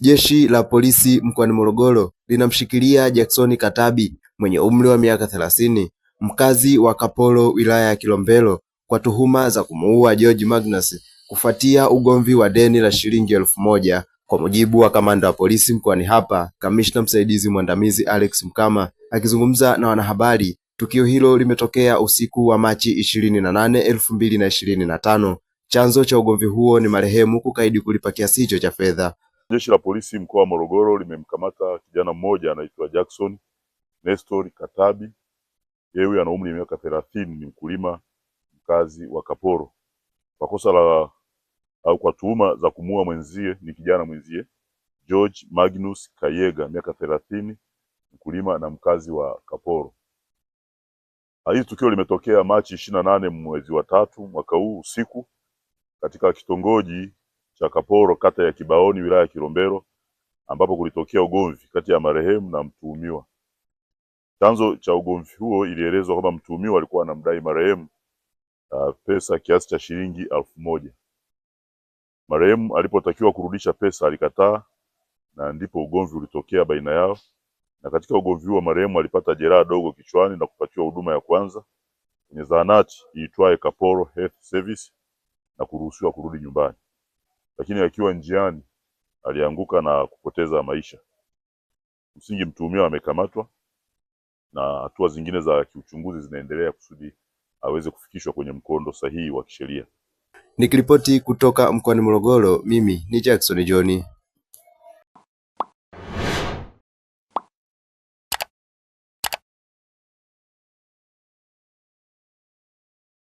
Jeshi la polisi mkoani Morogoro linamshikilia Jackson Katabi mwenye umri wa miaka thelathini, mkazi wa Kapolo wilaya ya Kilombero kwa tuhuma za kumuua George Magnus kufuatia ugomvi wa deni la shilingi elfu moja. Kwa mujibu wa kamanda wa polisi mkoani hapa, kamishna msaidizi mwandamizi Alex Mkama akizungumza na wanahabari, tukio hilo limetokea usiku wa Machi ishirini na nane elfu mbili na ishirini na tano. Chanzo cha ugomvi huo ni marehemu kukaidi kulipa kiasi hicho cha fedha. Jeshi la polisi mkoa wa Morogoro limemkamata kijana mmoja anaitwa Jackson Nestor Katabi. Yeye huyu ana umri wa miaka thelathini, ni mkulima mkazi wa Kaporo, kwa kosa la au kwa tuhuma za kumuua mwenzie, ni kijana mwenzie George Magnus Kayega, miaka thelathini, mkulima na mkazi wa Kaporo. Ah, hili tukio limetokea Machi ishirini na nane mwezi wa tatu mwaka huu usiku katika kitongoji cha Kaporo kata ya Kibaoni wilaya ya Kilombero ambapo kulitokea ugomvi kati ya marehemu na mtuhumiwa. Chanzo cha ugomvi huo ilielezwa kwamba mtuhumiwa alikuwa anamdai marehemu uh, pesa kiasi cha shilingi elfu moja. Marehemu alipotakiwa kurudisha pesa alikataa na ndipo ugomvi ulitokea baina yao, na katika ugomvi huo marehemu alipata jeraha dogo kichwani na kupatiwa huduma ya kwanza kwenye zahanati iitwayo Kaporo Health Service na kuruhusiwa kurudi nyumbani lakini akiwa njiani alianguka na kupoteza maisha. Msingi, mtuhumiwa amekamatwa na hatua zingine za kiuchunguzi zinaendelea kusudi aweze kufikishwa kwenye mkondo sahihi wa kisheria. Nikiripoti kutoka mkoani Morogoro, mimi ni Jackson John.